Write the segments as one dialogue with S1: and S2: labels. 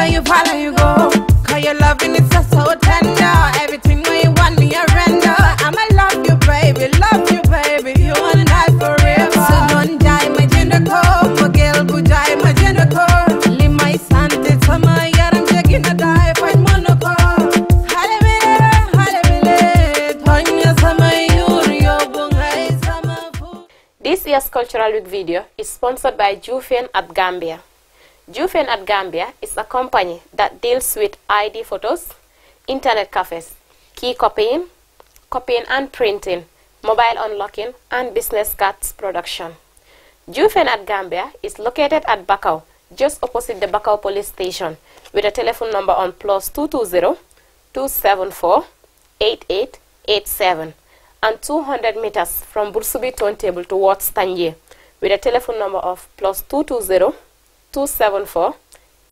S1: follow you, follow you go. Cause your loving is just so tender. Everything you want me, I render. I'ma love you, baby, love you, baby. You wanna die forever. So don't die, my gender code. girl, die, my gender code. Leave my son, it's my yard. I'm a die, find
S2: This year's Cultural Week video is sponsored by Jufian at Gambia. Jufen at Gambia is a company that deals with ID photos, internet cafes, key copying, copying and printing, mobile unlocking, and business cards production. Jufen at Gambia is located at Bakau, just opposite the Bakau police station, with a telephone number on plus 220-274-8887 and 200 meters from Bursubi turntable towards Tangier, with a telephone number of plus 220 274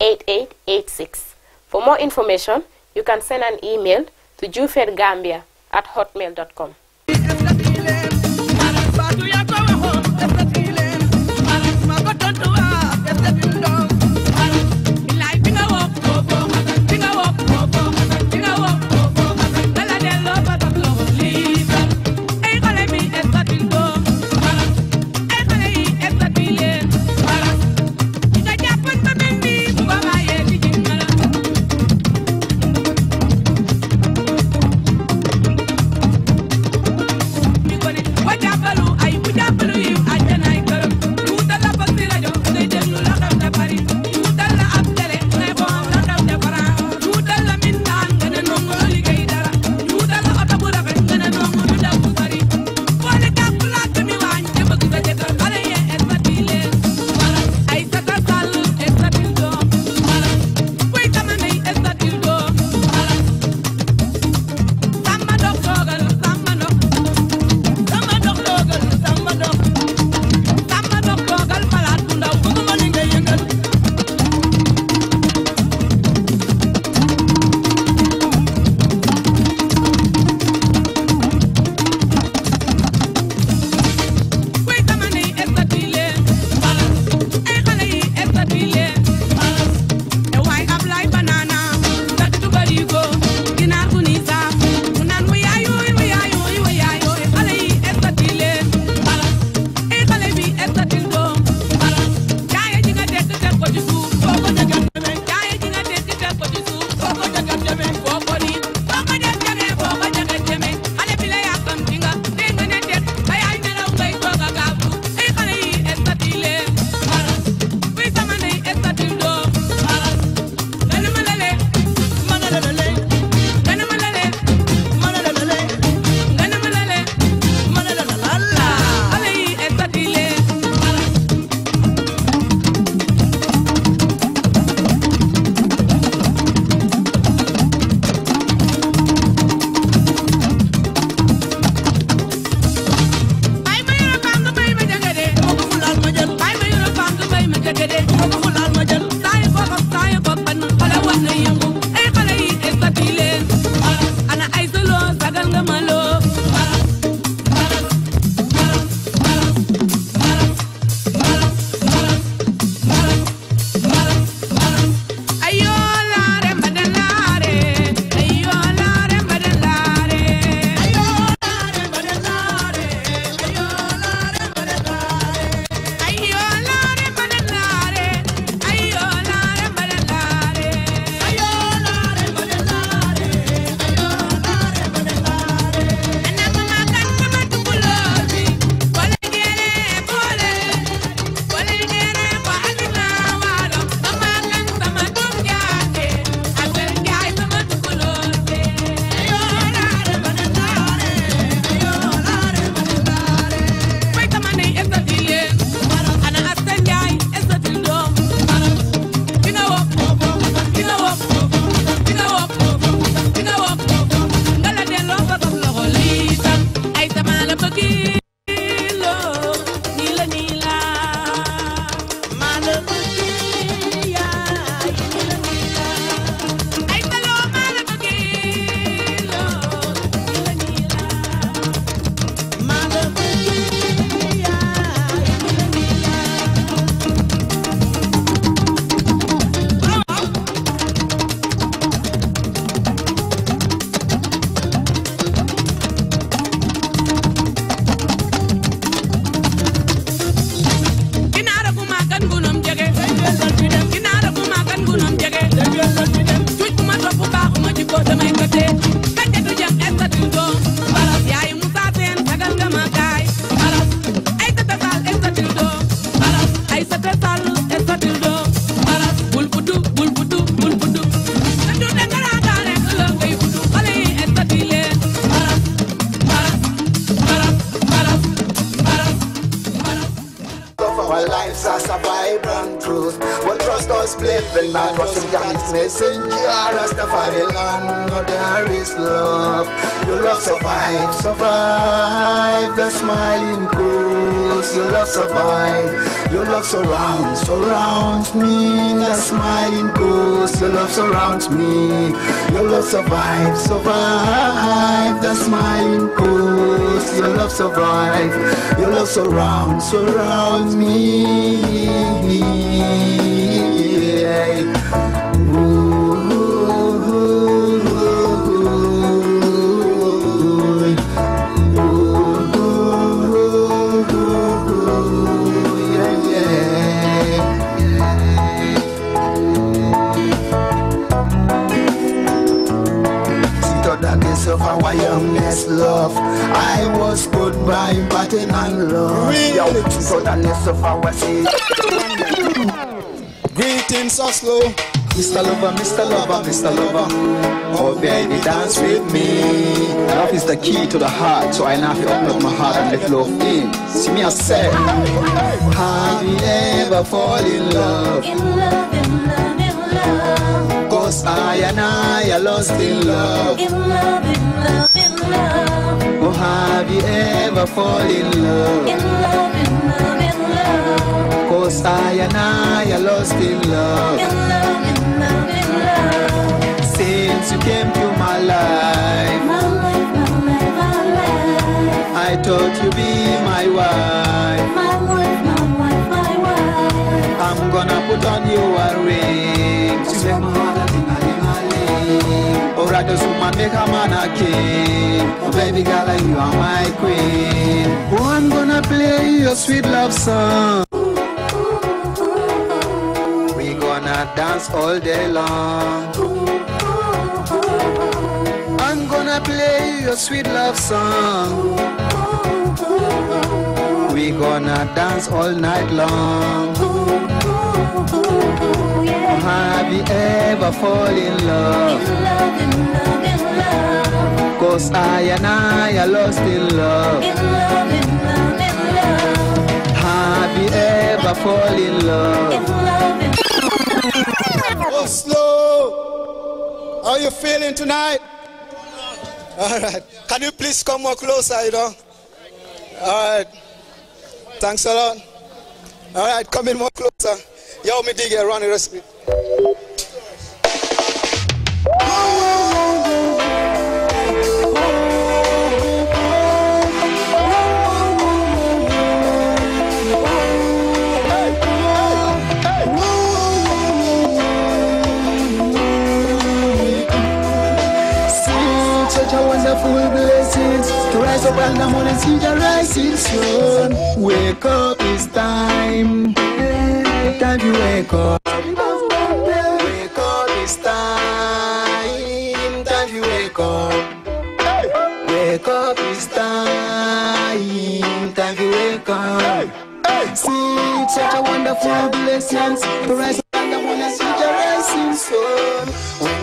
S2: 8886. For more information, you can send an email to jufedgambia at hotmail.com.
S3: me. Your love survive, survive. That's my impulse. Your love survive. Your love surrounds, surrounds me. love. I was good by batting and love. Really? Southerness of our city. Greetings, Oslo. Mr. Lover, Mr. Lover, Mr. Lover. Oh baby, dance with me. Love is the key to the heart, so I now feel up my heart and let love in. See me, a set. Have you ever fall in love? In love, in love, in love. Cause I and I are lost in love. In love, in love, in love love? Oh, have you ever fallen in love? In love, in love, in love. Cause I and I are lost in love. In love, in love, in love. Since you came to my life, I thought you'd be my wife. My
S4: wife, my wife, my wife.
S3: I'm gonna put on your ring Oh, Alright, this woman make a man a king. Oh, baby girl, you are my queen. Oh, I'm gonna play your sweet love song. We gonna dance all day long. I'm gonna play your sweet love song. We gonna dance all night long. Oh, Have you ever fall in love? Cause I and I are lost in love. In love, in love, in love. Have you ever fall in love? In love, in love. Oh, how you feeling tonight? All right. Can you please come more closer, you know? All right. Thanks a lot. All right, come in more closer. Yo, me dig around the rest rise up and the morning see the rising sun. Wake up, it's time. Time you wake up. Wake up, it's time. Time you wake up. Wake up, it's time. Time you wake up. See such a wonderful blessings.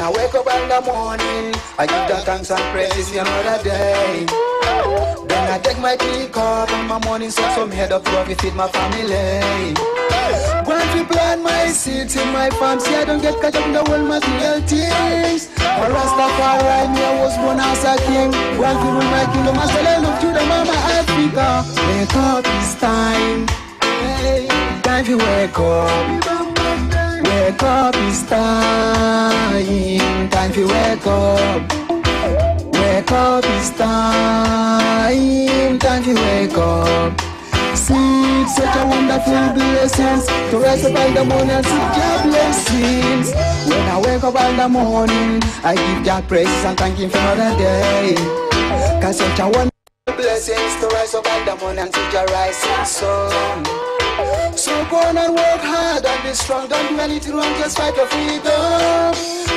S3: I wake up in the morning, I give the thanks and praise for another day. Then I take my tea cup and my morning so some head up love feed my family. When we plant my seeds in my farm, see I don't get caught up in the world material things. For Rastafari, me I was born as a king. When we rule my kingdom, I shall look to the mama Africa. Wake up, it's time. Time to wake up. Wake up, it's time. Time to wake up. Wake up, it's time. Time to wake up. Sleep, such a wonderful blessing to rise up in the morning and seek your blessings. When I wake up in the morning, I give God praise and thank Him for another day. Cause such a wonderful blessing to rise up in the morning and seek your rising sun. So go on and work hard and be strong. Don't do anything wrong, just fight your freedom.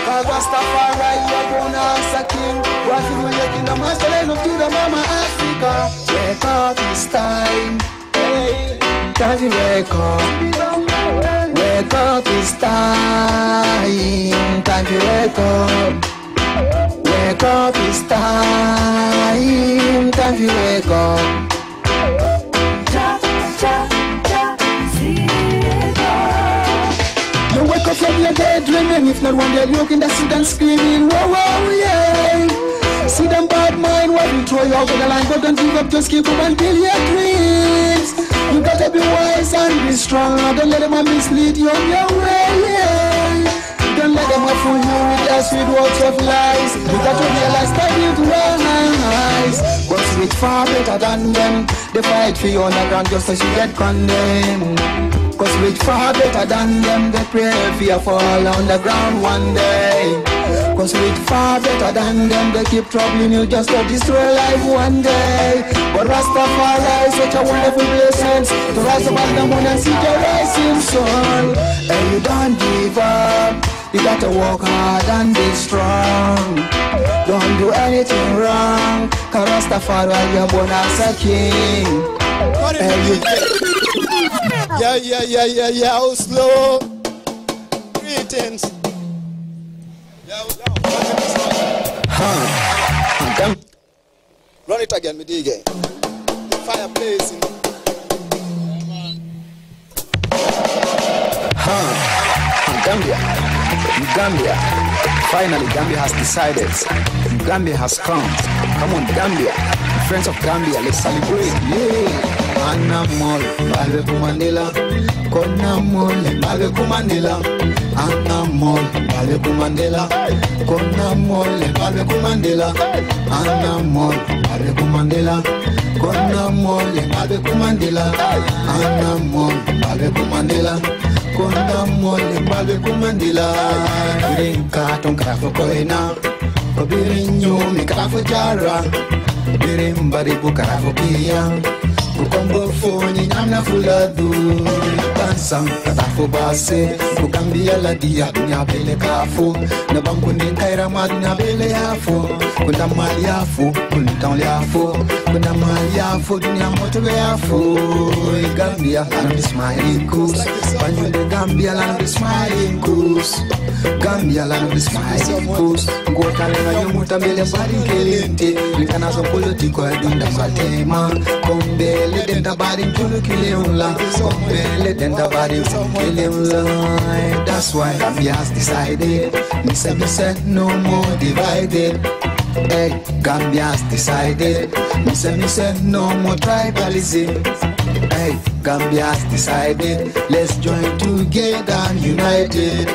S3: Cause Rastafari, you're gonna answer king. What you will make in the master land to the mama Africa. Wake up, it's time. time to wake up. Wake up, it's time. Time to wake up. Wake up, it's time. Time to wake up. the If not one day looking, that's sit and screaming. Whoa, whoa, yeah. See them bad mind, what we throw you over the line. But don't give up, just keep up until your dreams. You gotta be wise and be strong. Don't let them mislead you on your way, yeah. Don't let them fool you with their sweet words of lies. You gotta realize that you've wrong eyes. But it's far better than them. They fight for you on the ground just as you get condemned. Cause with far better than them, they pray fear fall on the ground one day. Cause with far better than them, they keep troubling you just to destroy life one day. But Rastafari is such a wonderful blessings to rise above the moon and see the rising sun. And you don't give up, you gotta work hard and be strong. Don't do anything wrong, cause Rastafari, you're born as a king. And you yeah, yeah, yeah, yeah, yeah, Oslo. Oh, Greetings. Huh. Run it again, me again. The fireplace in huh. Gambia. Gambia. Finally, Gambia has decided. Gambia has come. Come on, Gambia. Friends of Gambia, let's celebrate. Yeah anamol babe kumandela konamol babe kumandela anamol babe kumandela konamol babe kumandela anamol babe kumandela konamol babe kumandela anamol babe kumandela konamol babe kumandela rinka ton grafo koena obirinyo mi grafo jara ah? birimbari bu grafo phone, I'm not full of dough san katafo base kukambia la dia bele kafo na kaira ma bele yafo yafo yafo yafo moto yafo Gambia land is my equals de Gambia land is my equals Gambia land is my equals Ngotalenga yomuta mbele bari kelente Likana so politiko ya dinda matema Kombele denda bari ntulu Kombele denda the body kill him That's why me has decided Me say me say no more divided Hey, eh, Gambia has decided Me say me say no more tribalism Hey, eh, Gambia has decided Let's join together and united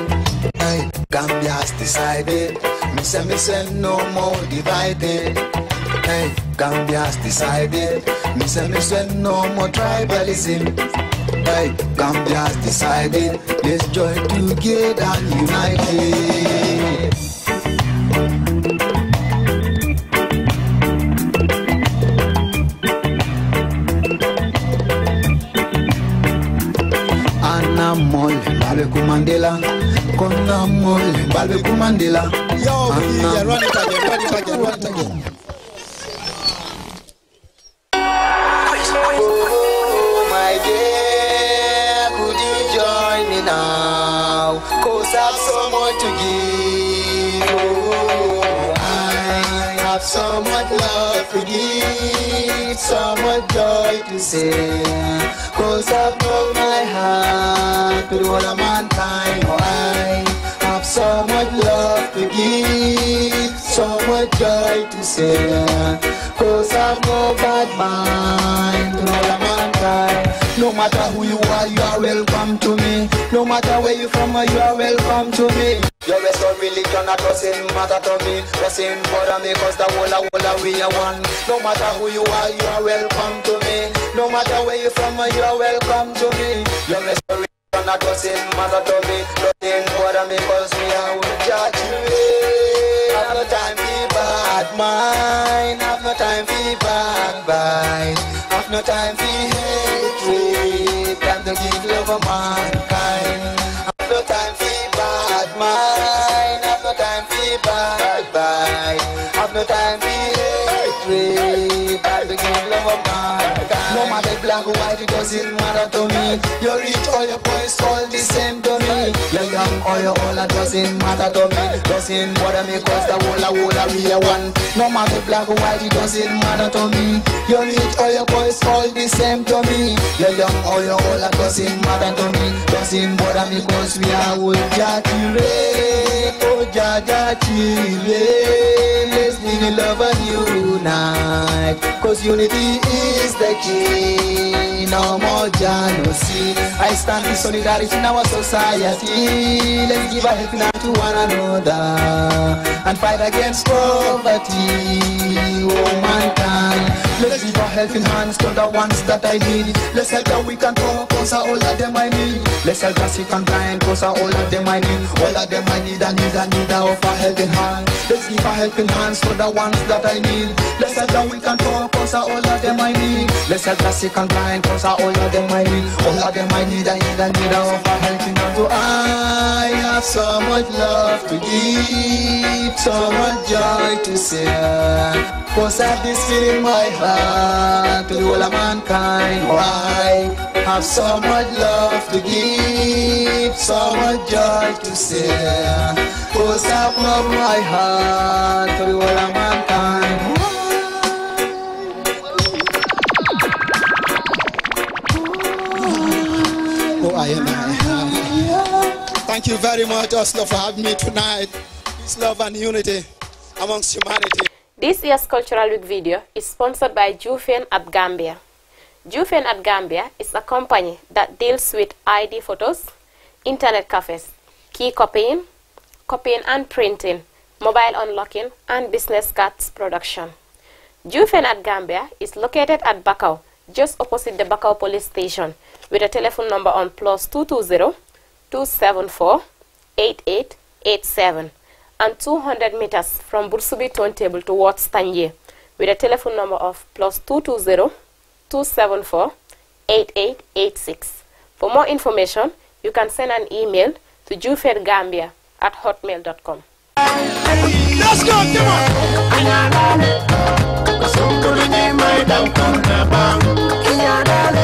S3: Hey, eh, Gambia has decided Me say me say no more divided Hey, Gambia has decided Me say me say no more tribalism right. Gambia's decided, let's join together united. Anamol, Balbeku Mandela. Konamol, Balbeku Mandela. Yo, yeah, run it again, run it again, run it again. I have so much love to give, so much joy to sing. Cause I've my heart to all of mankind. Oh, I so much love to give, so much joy to share. Cause I've no bad mind, no mankind. No matter who you are, you are welcome to me. No matter where you from, you are welcome to me. Your rest of religion that doesn't matter to me. Doesn't bother me cause the whole of whole we are one. No matter who you are, you are welcome to me. No matter where you from, you are welcome to me. Your rest of Son a cussing, mother to me, nothing but me cause me I will judge you. Have no time for bad mind, have no time for backbite, have no time for hatred. Time to give love of mankind. Have no time for bad mind, have no time for backbite, have no time for hatred. No matter black or white, it doesn't matter to me. You reach all your it's all the same to me. You're young or you're old, it doesn't matter to me. Doesn't bother me, cause the whole, whole, we are one. No matter black or white, it doesn't matter to me. You reach all your it's all the same to me. You're young or you're old, it doesn't matter to me. Doesn't bother me, cause we are one. Jajire, oh Jajachire we will love and unite. Cause unity is the key. No more jealousy. I stand in solidarity in our society. Let's give a helping hand to one another and fight against poverty. Oh, mankind. Let's give a helping hand to the ones that I need. Let's help the weak and poor. Cause all of them I need Let's help us if I'm dying Cause all of them I need All of them I need I need I need a offer helping hand Let's give a helping hand To the ones that I need Let's help that we can talk Cause all of them I need Let's help us if I'm dying Cause all of them I need All of them I need I need I need a offer helping hand So I have so much love to give So much joy to share Cause I have this feeling in my heart To the whole of mankind I have so so much love to give, so much joy to share. because up I've my heart to the world of mankind. Oh, I am I. Thank you very much, Oslo, for having me tonight. Peace, love, and unity amongst humanity.
S2: This year's Cultural Week video is sponsored by Jufen at Gambia. Jufen at Gambia is a company that deals with ID photos, internet cafes, key copying, copying and printing, mobile unlocking, and business cards production. Jufen at Gambia is located at Bakau, just opposite the Bakau police station, with a telephone number on plus 220-274-8887 and 200 meters from Bursubi Turntable towards Tanye, with a telephone number of plus 220 274 8886. For more information, you can send an email to jufedgambia at hotmail.com.
S3: Let's go, come on!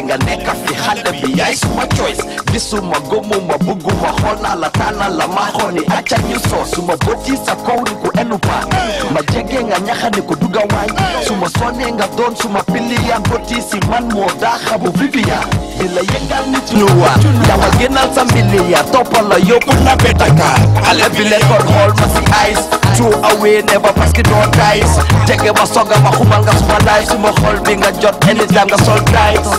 S3: ya ice semua choice visu magumu mabugu mahona latana la mahoni acha nyuso sumaboti sakouni kuenupa nga nganyaha ni kuduga wai sumasone ngadon sumapili yangoti siman modaha Bila yenga ni tnuwa na sambiliya topala yopuna betaka kon hol masi ice two away never basket no dice jege masoga mahumal nga suma life suma hol binga jot anytime ga sol dice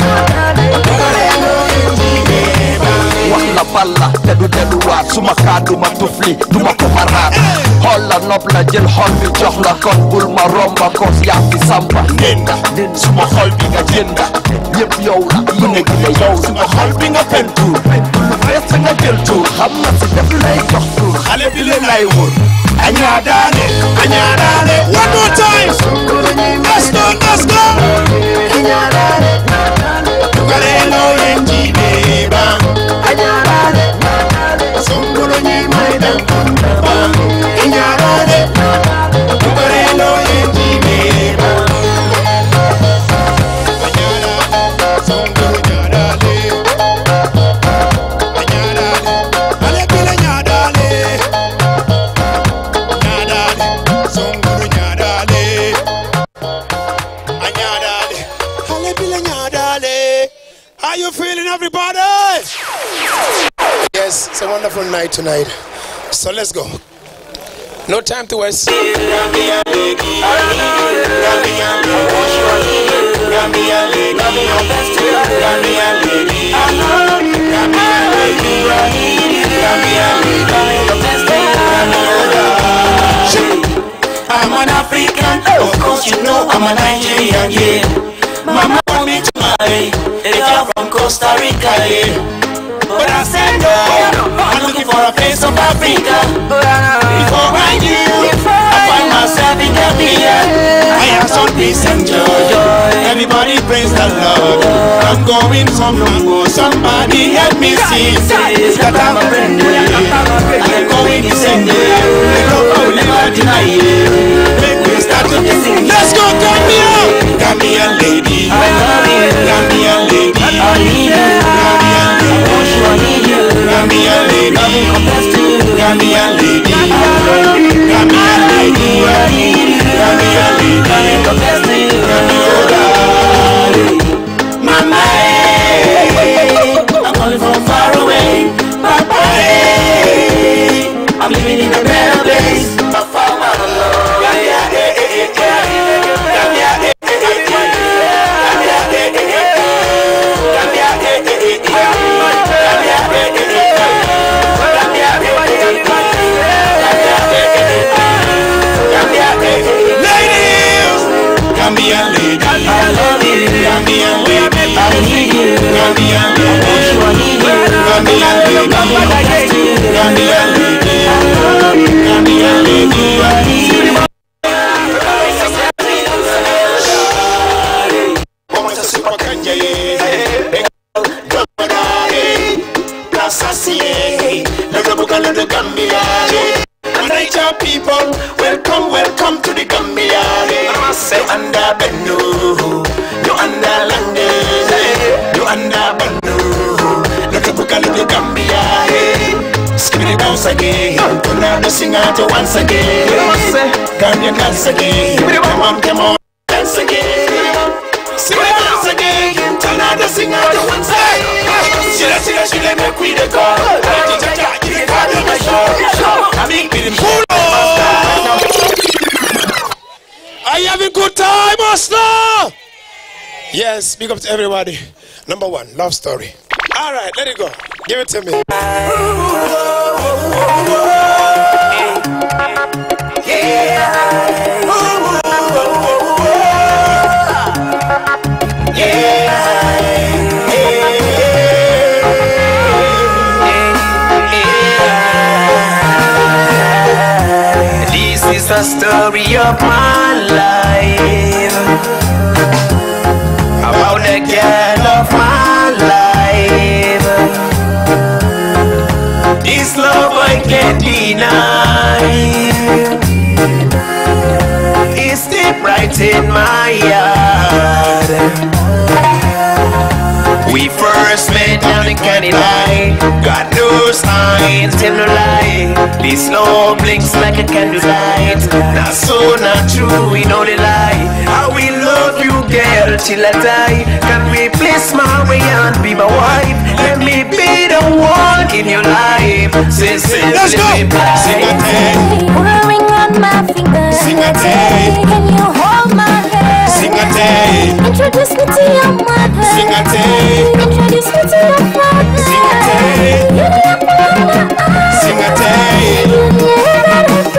S3: fal la te du delluwaat su ma kàddu ma tufli du ma ko maraat xool nopp la jël xol jox la kon bul ma romba koos yaa fi samba nenda su ma xol bi nga jënda yow la mu nekk la yow su ma xol bi nga lu fees nga jël tuur xam na si def lay jox tuur xale bi leen lay wër añaa daane añaa daane one more time
S5: tonight. So let's go. No time to waste. I'm
S3: an African, of course you know I'm a Nigerian, yeah. Mama want me to marry a girl from Costa Rica, yeah. But I said no looking for a place of Africa. Before I knew, I
S5: find myself in Gambia. I have some peace and joy. Everybody praise the Lord. I'm going from Somebody help me see
S3: that I'm a friend. I'm going to send you. I will never deny you. Make me start to Let's go, Gambia! Gambia lady. Gambia lady. Gambian lady, me, Gambian lady, Gambian lady, Gambian lady, Gambian lady, Gambian lady, Gambia
S5: him. Are you having a good time, Master? Yes, big up to everybody. Number one, love story. All right, let it go. Give it to me.
S3: Yeah. the story of my life About the girl of my life This love I can't deny It's deep right in my heart we first met down in Candy God knows I tell no lie. This love blinks like a candlelight. Not so, not true, we know the lie. I will love you, girl, till I die. Can we please my way and be my wife? Let me be the one in your life. Since say, Let's Sing a
S5: day. Wearing on my finger. Sing a day. Can you hold my hand? Sing a day. Introduce me
S3: to your mother. Sing a day. Introduce me to your father. Sing a day. You're Sing a day.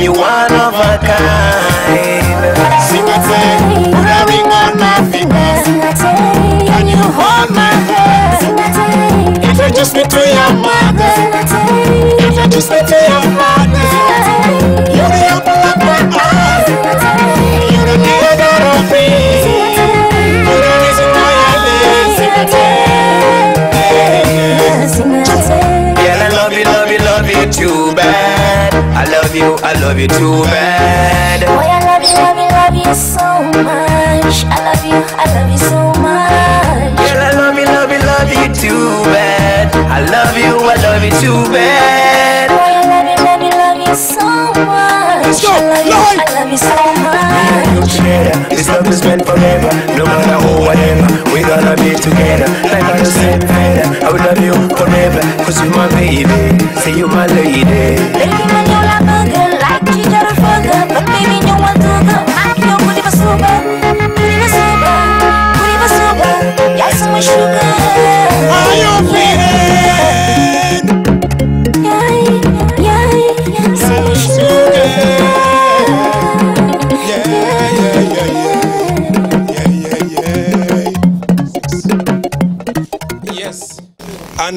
S3: and you one of a kind. Sing a put a ring on my finger. Sing a can you hold my hand? Sing a tale, introduce me to your mother. Introduce me to love you too bad. Boy, I love you, love you, love you so much. I love you, I love you so much. Girl, I love you, love you, love you too bad. I love you, I love you too bad. Boy, I love you, love you, love you so much. Let's go. I love you so much.
S5: This love is meant forever. No matter who I am, we gonna be together. Like I said, better. I will love you forever. Cause you my baby. Say you my lady. Baby,
S4: man, you like burger. Like ginger and burger. But baby, you want to go. I'm your booty for super. Booty for super. Booty for
S3: super. Yes, my sugar. Are you feeling?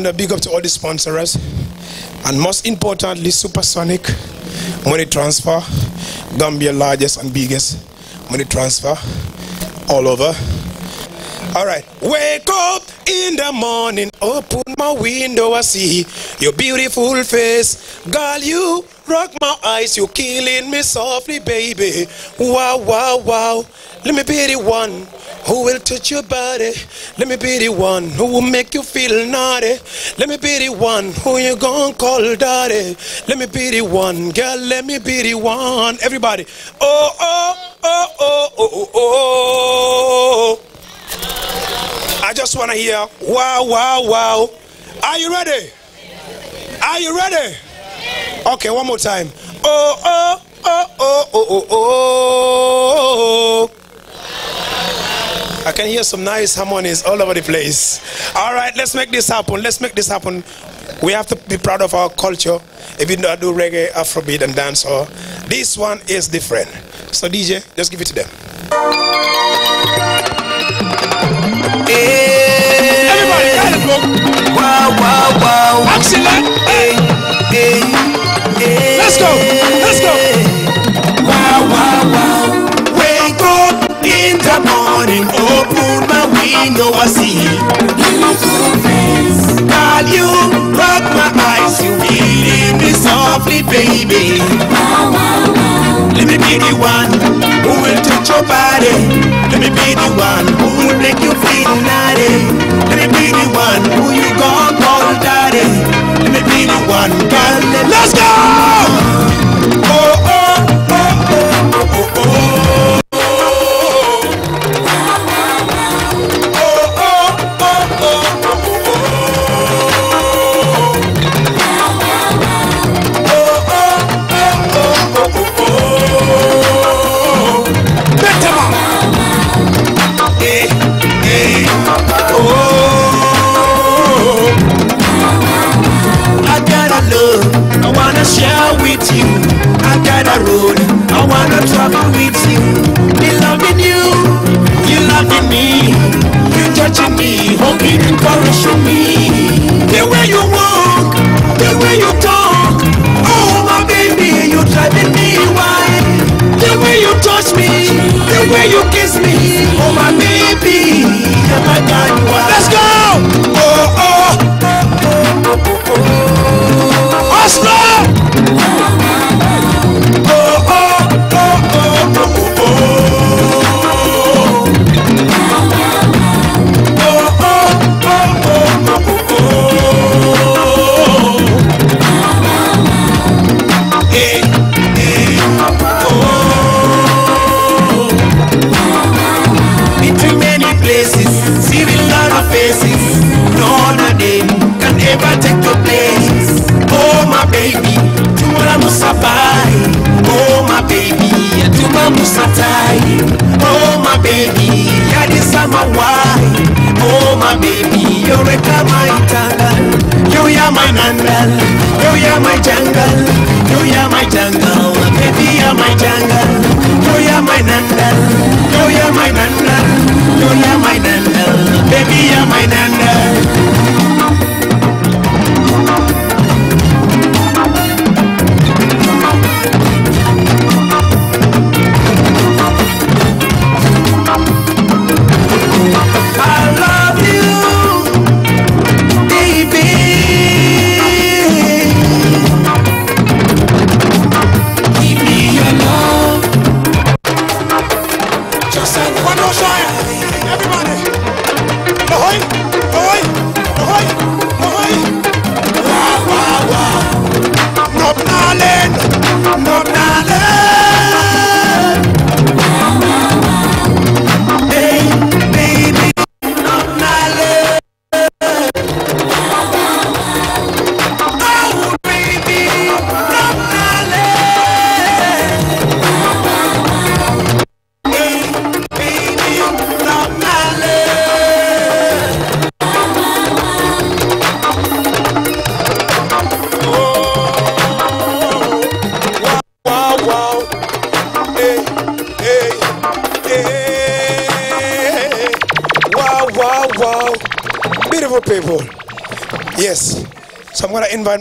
S5: And a big up to all the sponsors. And most importantly, Supersonic, Money Transfer, Gambia largest and biggest money transfer all over. All right. Wake up in the morning, open my window, I see your beautiful face. Girl, you rock my eyes, you killing me softly, baby. Wow, wow, wow. Let me be the one who will touch your body? Let me be the one who will make you feel naughty. Let me be the one who you gonna call daddy. Let me be the one, girl. Let me be the one. Everybody. Oh oh oh oh oh oh. oh. I just wanna hear wow wow wow. Are you ready? Are you ready? Okay, one more time. Oh oh oh oh oh oh. oh. I can hear some nice harmonies all over the place. All right, let's make this happen. Let's make this happen. We have to be proud of our culture. If you don't do reggae, Afrobeat, and dancehall, this one is different. So DJ, just give it to them. Everybody, Wow, wow, wow. Excellent.
S3: Eh? hey, let's go. Let's go. Wow, wow, wow. I know I see you. You're Girl, you rock my eyes. You really me softly, baby. Wow, wow, Let me be the one who will touch your body. Let me be the one. way you kiss me, oh my baby, oh my God, Let's go.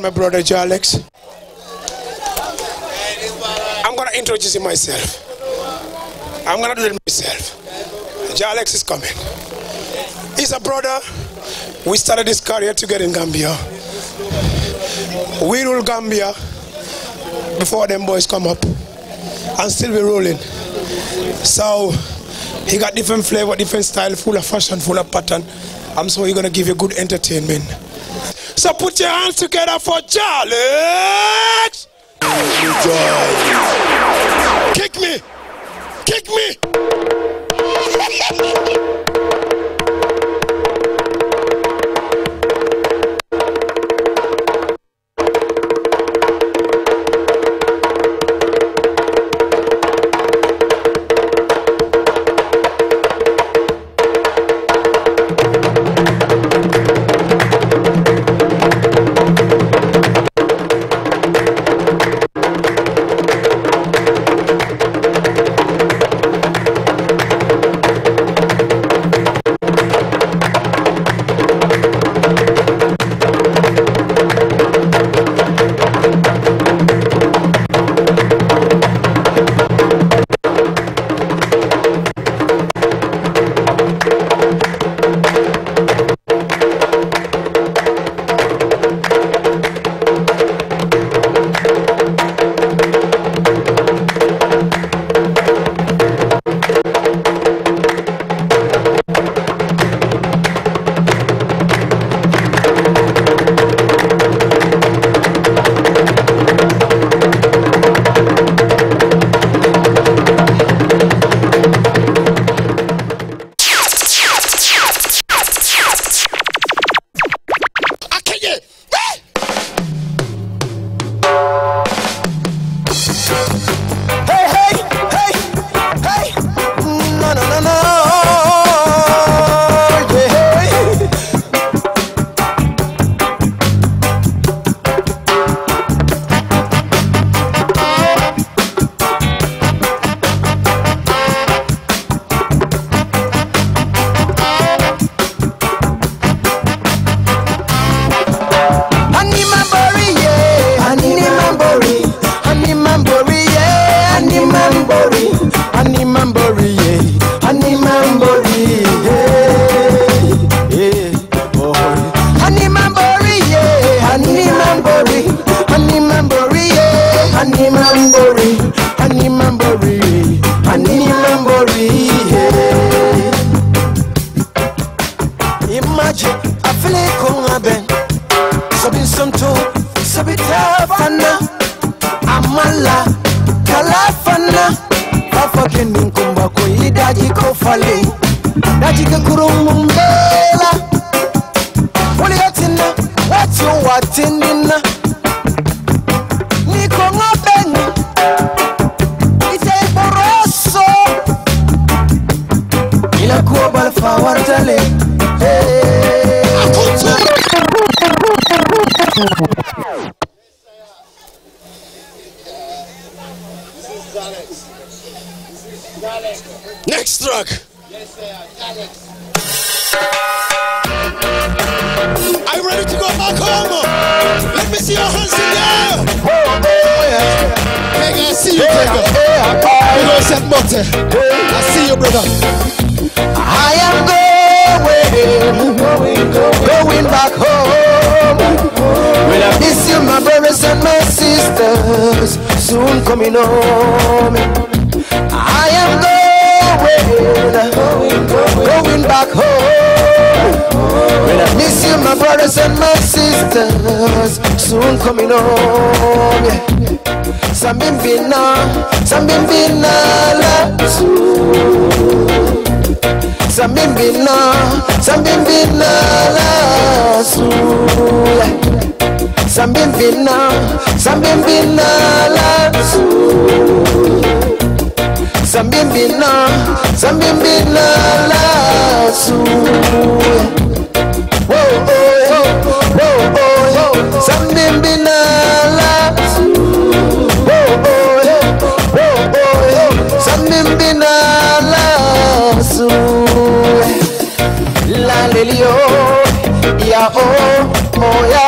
S5: my brother Jalex. Alex. I'm gonna introduce myself. I'm gonna do it myself. Jalex Alex is coming. He's a brother. We started this career together in Gambia. We rule Gambia before them boys come up. And still we're rolling. So he got different flavor, different style, full of fashion, full of pattern. I'm sure he's gonna give you good entertainment. So put your hands together for Charlie! Kick
S3: me. Kick me. Sambimbina, Sambimbina su. Sambimbina, Sambimbina lasu Sambimbina, Sambimbina lasu Sambimbina, Sambimbina lasu Whoa, oh, oh, whoa, oh, oh, oh, oh. oh. Sambimbina bimbina lasu lalelio ya o o ya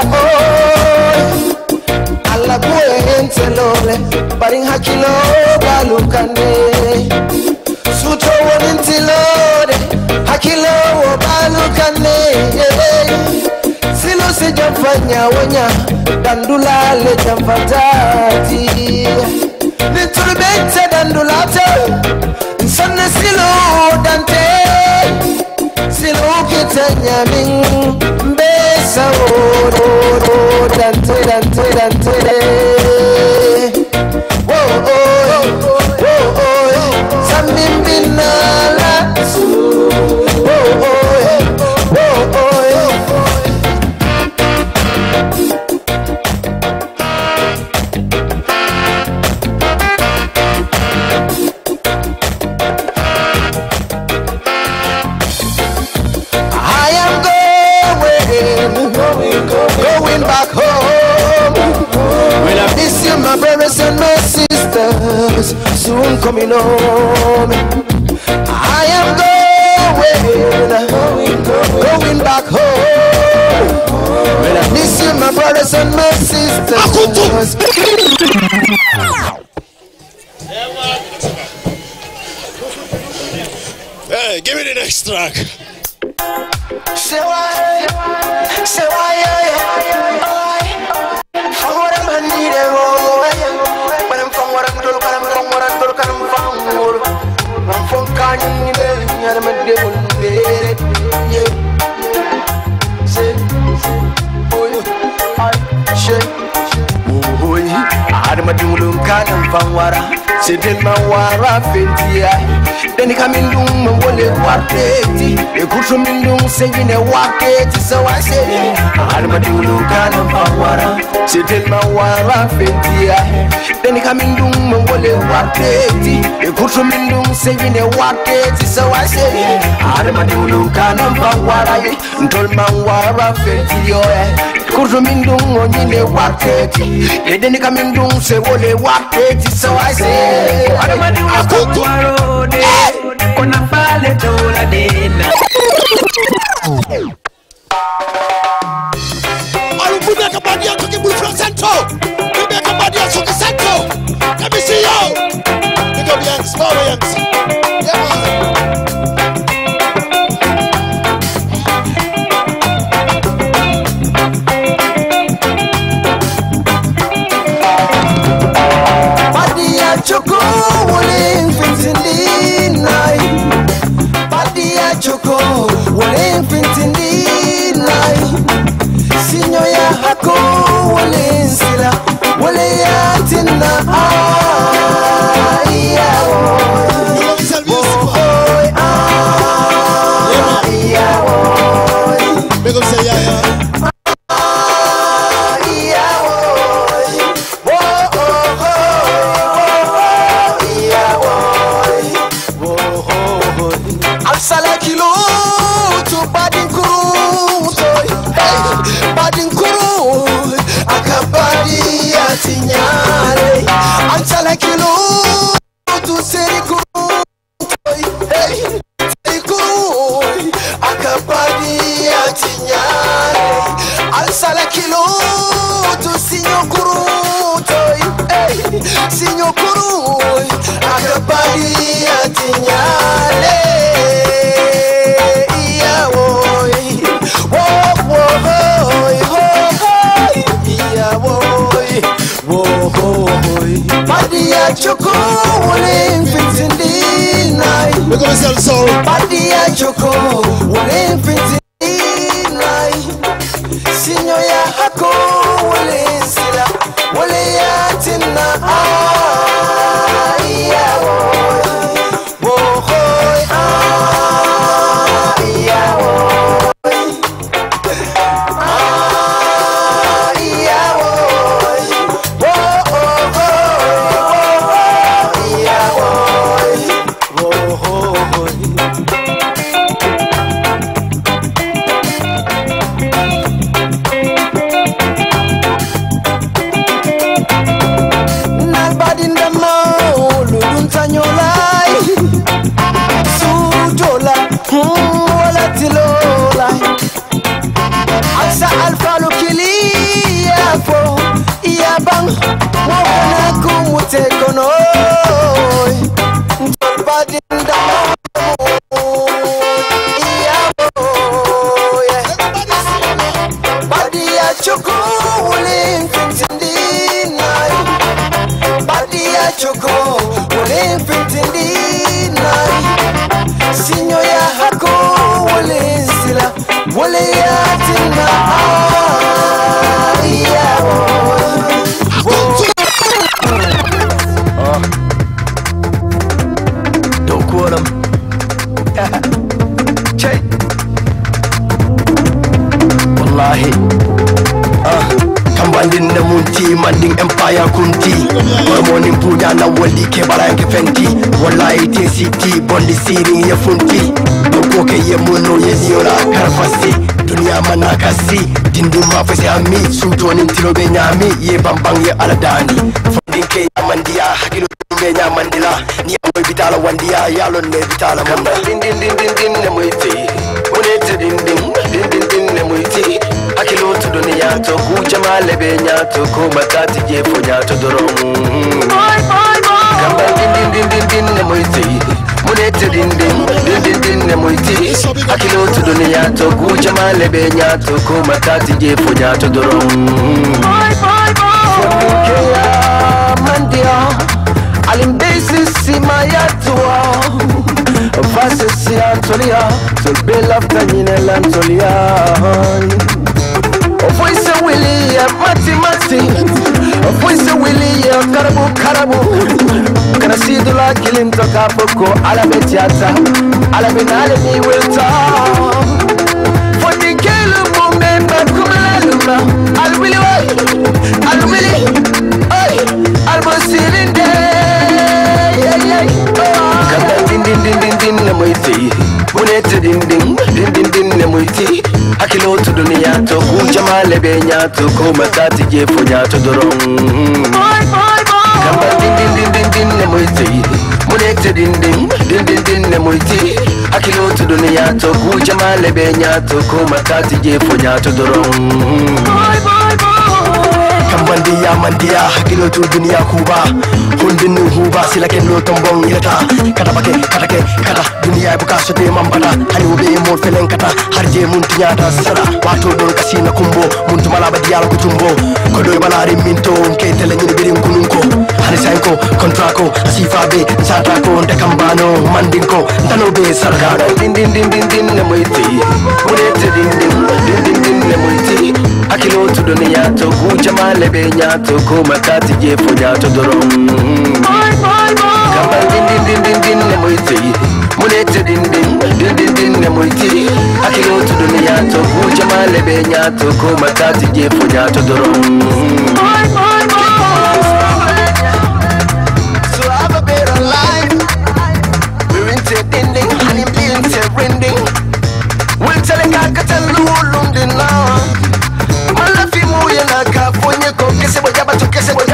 S3: hakilo balukane sutowo hakilowo balukane silo sijafanya wenya dandulale jamfatati Little better than the latter Sana silo dante Silo kitanya ming Besa o dante dante dante Oh oh oh oh oh Samim bin I'm coming home. I am going, going, going back home. When I miss you, my brothers and my sisters.
S5: Hey, give me the next track.
S3: bangwara sedelma wara fentia denika mindung mengole warteti ekutu mindung sengine waketi sawase alma dulu kana bangwara sedelma wara fentia denika mindung mengole warteti ekutu mindung sengine waketi sawase alma dulu kana bangwara ntolma wara fentia kurzu min dun wonyi le wateti yedeni ka min dun se wole wateti so i say adamadi wa kukwaro de kona pale tola dena Alubuna kabadi yako kibulu from Santo Kubia kabadi yako kibulu Santo Let me see you Big up Yanks, power fifty. wohoi Badi ya chokole mfinzi ndinai Badi ya in mfinzi commanding empire kunti hormonin buda na wali ke baran ke fenti wallahi te city bolli sirin ya funti ko ke ye mono oh, ye diora karfasi duniya mana kasi dindin ma fa sai ami su tonin tiro be nyami ye bambang ye aladani fundin ke mandiya hakilu be nyamandila ni amoy bitala wandiya yalon ne bitala manda din din din din bale benyato kuma tati jefo nyato kamba din din din din din ne moiti munete din din ne moiti akilo tu akilotu duniyato kuja male benyato kuma tati jefo nyato doromu Fondukeya mandia alimbesi simayatua Vase si Antolia Tolbe lafta nyine lantolia Ofuise wili ya mati mati karabu karabu Kana sidula kilimto kapoko Alabe tiata Alabe na weta Fondi mumemba kumala luma Alwili wai Almosilinde Yeah yeah Kata Munete din din din tu lotu duniyato kujamale be nyato ko matati je fo nyato doron kamba din din din din din ne moyti munekte din din din din din ne moyti akilotu duniyato kujamale be nyato ko matati je fo nyato doron hakilo tu dunia kuba hundi nu huba sila kennuu tomboon hirataa kadha bakee kadha kee kadha duniyaa buka sote mambata hani ube mo feleng kata harje munti nyaataa sada baatoo doon kasiina kumboo muntu malaa badiyyaala kutumboo kodoo balaa rimmin too nkee tele nyini birin mkununko harisaiko kontrako asifabe satako ndekambano mandinko ntanobe sargana dindindindindin nemoiti murete dindin dindindin kujamalebe nyato komatati jefo nyato doro kamba kujamalebe nyato komatati jefo nyato doro akatelu ulundina malafi muye nakafonyeko kesebwe jabatokesebwe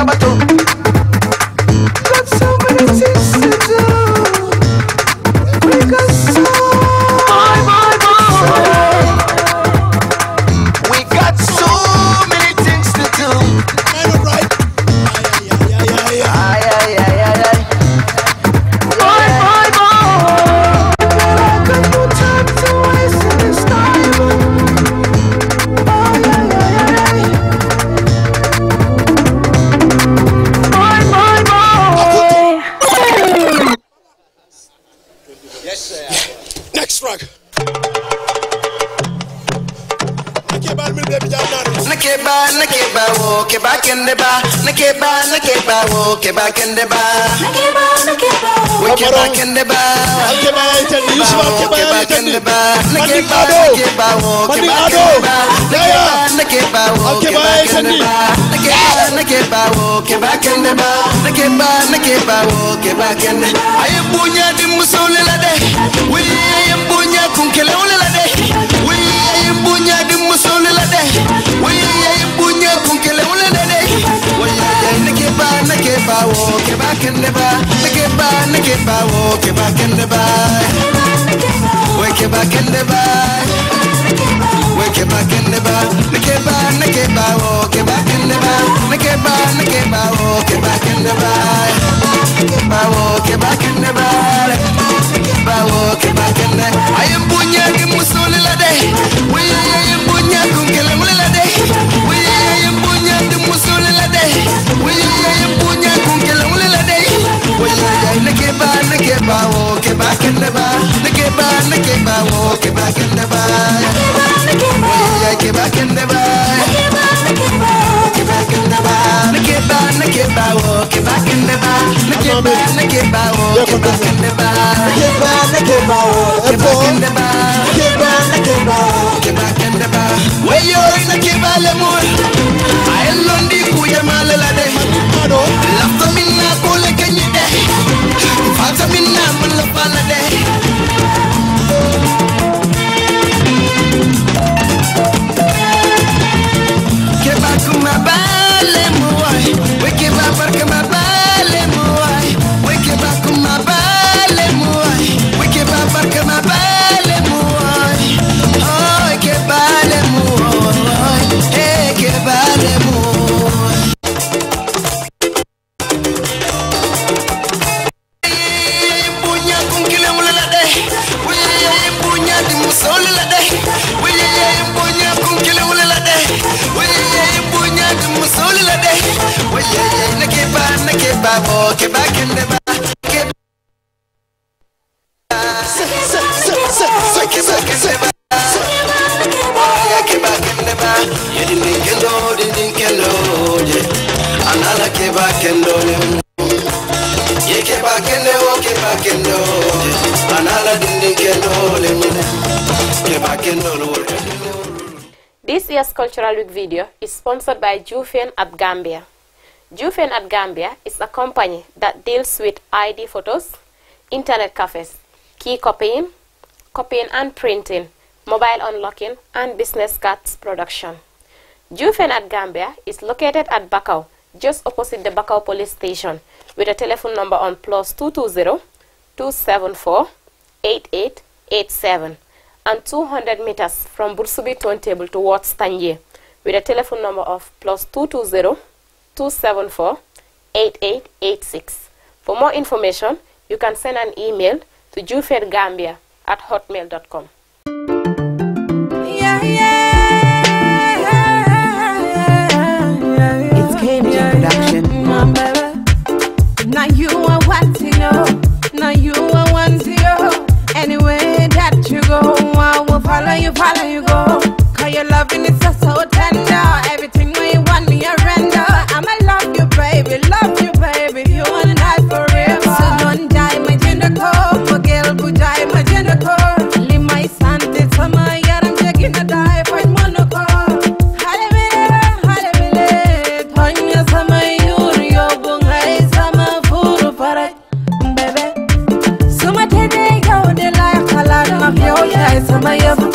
S3: Madin Ado Madin Ado Yaya Akeba Sandy Ayo punya di musole lade Wili ayo punya kunkele ule lade Wili ayo punya di musole lade Wili ayo punya kunkele ule lade Wili ayo nake ba nake ba wo Keba kende ba Nake ba nake wo Keba kende ba Keba kende ba Wake back in the bar. Wake back in the bar. Nike bar, nike bar, wake back in the bar. Nike bar, nike bar, wake back in the bar. Bar, wake back in the bar. Bar, wake back in the. I am bunya kimusuli la day. We are am bunya kumkele mulila day. We are am bunya kimusuli la day. We are am bunya kumkele back, oh, get back in the back. Yeah, get back in the back. Get back in the back. Get back, get back, oh, get back in the back. Get back, get back, oh, get back in the back. Get back, get back, oh, get back in the back. Get back, get back, oh, get back in the back. Where you're in the kibale moon. I learned the kuya malalade. Lafta minna kule kenyide. Fata minna malafalade.
S2: This year's Cultural Week video is sponsored by Jufen at Gambia. Jufen at Gambia is a company that deals with ID photos, internet cafes, key copying, copying and printing, mobile unlocking, and business cards production. Jufen at Gambia is located at Bakau, just opposite the Bakau police station, with a telephone number on plus 220 274 8887 and 200 meters from Bursubi Table towards Tanye with a telephone number of plus 220-274-8886. For more information, you can send an email to jufedgambia at hotmail.com. Yeah, yeah,
S1: it's KMG Production. Now you are wanting, oh. Now you are wanting, oh. Anywhere that you go follow you, follow you go. Cause your loving is just so tender. Everything we want me, I render. I'ma love you, baby, love you, baby. You wanna die forever. So don't die, my gender core. My girl, who die, my gender core. Leave my son, this summer, yeah, I'm taking a dive. I'm monocle. Baby, so much today, go the life, I love my yo, yeah, it's my ever.